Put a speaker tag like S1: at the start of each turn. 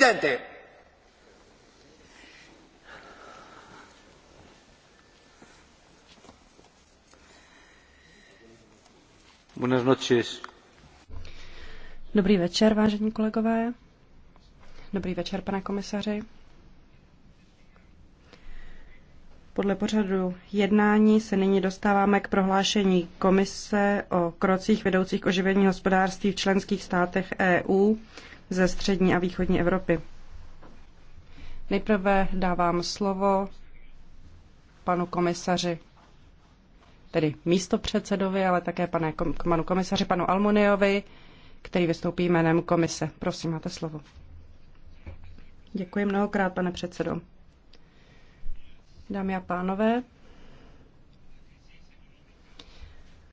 S1: Presidente.
S2: Buenas noches.
S3: Dobrý večer, vážení kolegové. Dobrý večer, pane komisaři. Podle pořadu jednání se nyní dostáváme k prohlášení komise o krocích vedoucích oživení hospodářství v členských státech EU ze střední a východní Evropy. Nejprve dávám slovo panu komisaři, tedy místopředsedovi, ale také pane, panu komisaři, panu Almoniovi, který vystoupí jménem komise. Prosím, máte slovo. Děkuji mnohokrát, pane předsedo. Dámy a pánové,